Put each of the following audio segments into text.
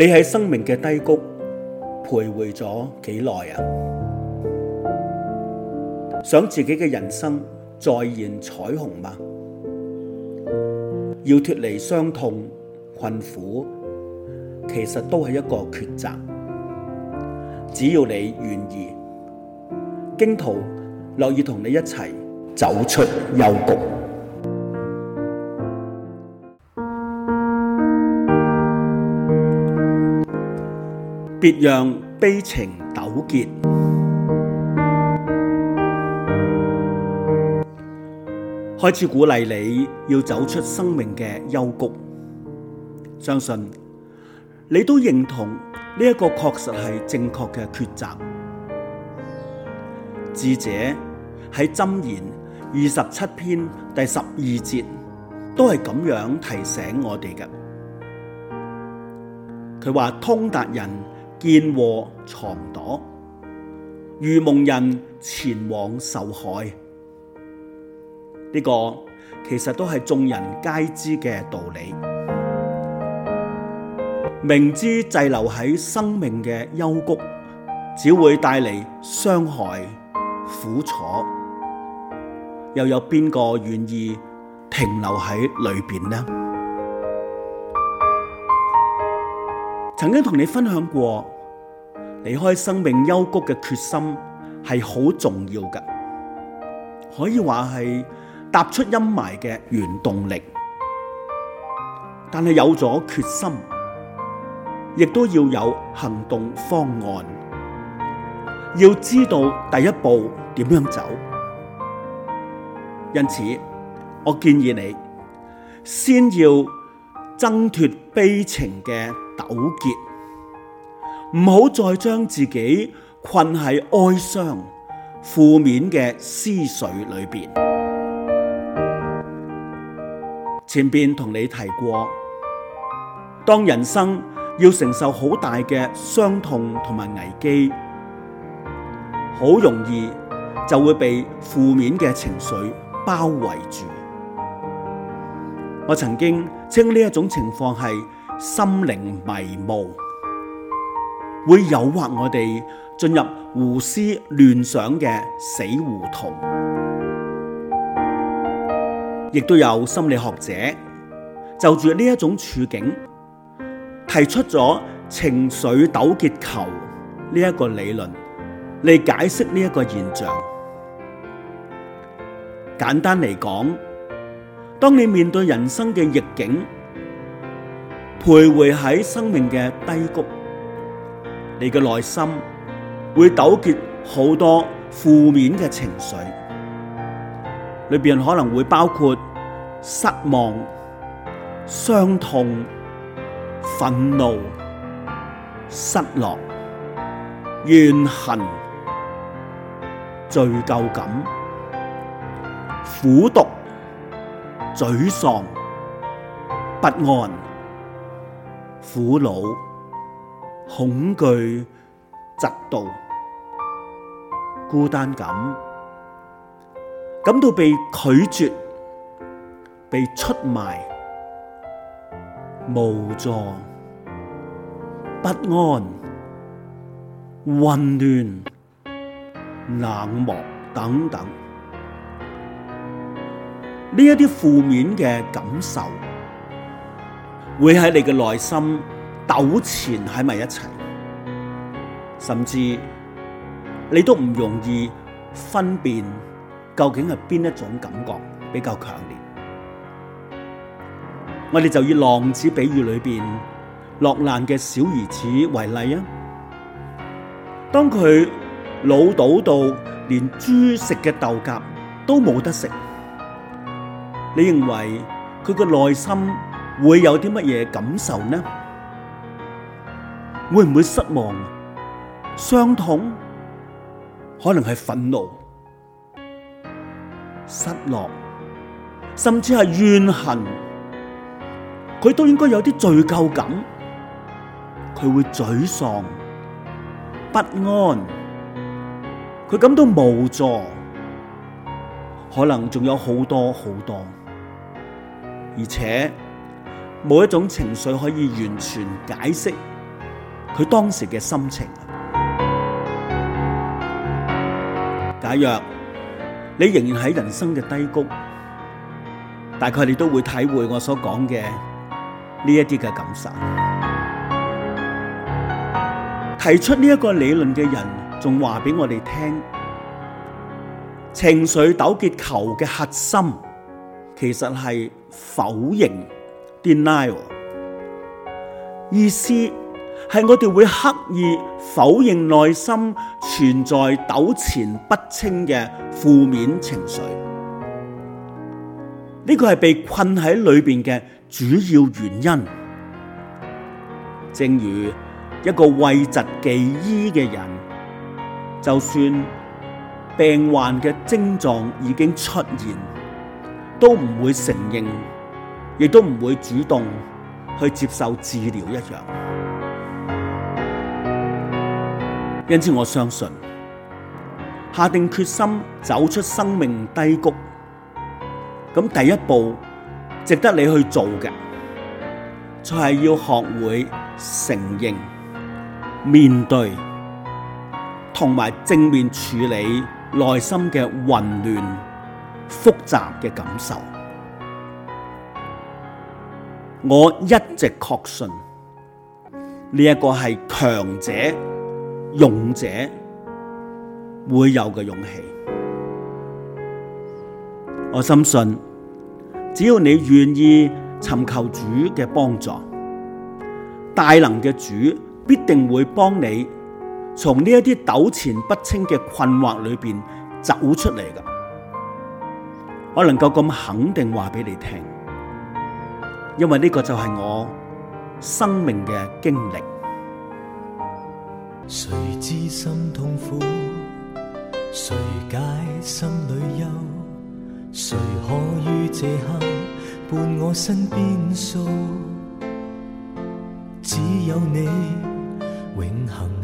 你喺生命嘅低谷徘徊咗幾耐啊？想自己嘅人生再現彩虹嗎？要脫離傷痛困苦，其實都係一個抉擇。只要你願意，荊徒樂意同你一齊走出幽谷。別讓悲情糾結，開始鼓勵你要走出生命嘅幽谷。相信你都認同呢一個確實係正確嘅抉擇。智者喺《箴言》二十七篇第十二節都係咁樣提醒我哋嘅。佢話通達人。見禍藏躲，愚蒙人前往受害，呢、這個其實都係眾人皆知嘅道理。明知滯留喺生命嘅幽谷，只會帶嚟傷害、苦楚，又有邊個願意停留喺裏邊呢？曾經同你分享過，離開生命幽谷嘅決心係好重要嘅，可以話係踏出陰霾嘅原動力。但係有咗決心，亦都要有行動方案，要知道第一步點樣走。因此，我建議你先要掙脫悲情嘅糾結，唔好再將自己困喺哀傷、負面嘅思緒裏面。前面同你提過，當人生要承受好大嘅傷痛同埋危機，好容易就會被負面嘅情緒包圍住。我曾經稱呢一種情況係心靈迷霧，會誘惑我哋進入胡思亂想嘅死胡同。亦都有心理學者就住呢一種處境提出咗情緒糾結球呢一個理論嚟解釋呢一個現象。簡單嚟講，當你面對人生嘅逆境，徘徊喺生命嘅低谷，你嘅內心會糾結好多負面嘅情緒，裏邊可能會包括失望、傷痛、憤怒、失落、怨恨、罪疚感、苦毒。沮喪、不安、苦惱、恐懼、嫉妒、孤單感，感到被拒絕、被出賣、無助、不安、混亂、冷漠等等。呢一啲負面嘅感受，會喺你嘅內心糾纏喺埋一齊，甚至你都唔容易分辨究竟係邊一種感覺比較強烈。我哋就以浪子比喻裏邊落難嘅小兒子為例啊，當佢老到到連豬食嘅豆莢都冇得食。你認為佢個內心會有啲乜嘢感受呢？會唔會失望、傷痛？可能係憤怒、失落，甚至係怨恨。佢都應該有啲罪疚感。佢會沮喪、不安，佢感到無助。可能仲有好多好多，而且冇一種情緒可以完全解釋佢當時嘅心情。假若你仍然喺人生嘅低谷，大概你都會體會我所講嘅呢一啲嘅感受。提出呢一個理論嘅人還告，仲話俾我哋聽。情緒糾結球嘅核心，其實係否認 （denial）。意思係我哋會刻意否認內心存在糾纏不清嘅負面情緒。呢個係被困喺裏邊嘅主要原因。正如一個諱疾忌醫嘅人，就算，病患嘅症狀已經出現，都唔會承認，亦都唔會主動去接受治療一樣。因此，我相信下定決心走出生命低谷，咁第一步值得你去做嘅，就係要學會承認、面對同埋正面處理。內心嘅混亂、複雜嘅感受，我一直確信呢一個係強者、勇者會有嘅勇氣。我深信，只要你願意尋求主嘅幫助，大能嘅主必定會幫你。從呢一啲糾纏不清嘅困惑裏邊走出嚟噶，我能夠咁肯定話俾你聽，因為呢個就係我生命嘅經歷。誰知心痛苦，誰解心裏憂，誰可於這刻伴我身邊，數只有你永恆。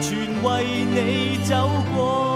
全為你走過。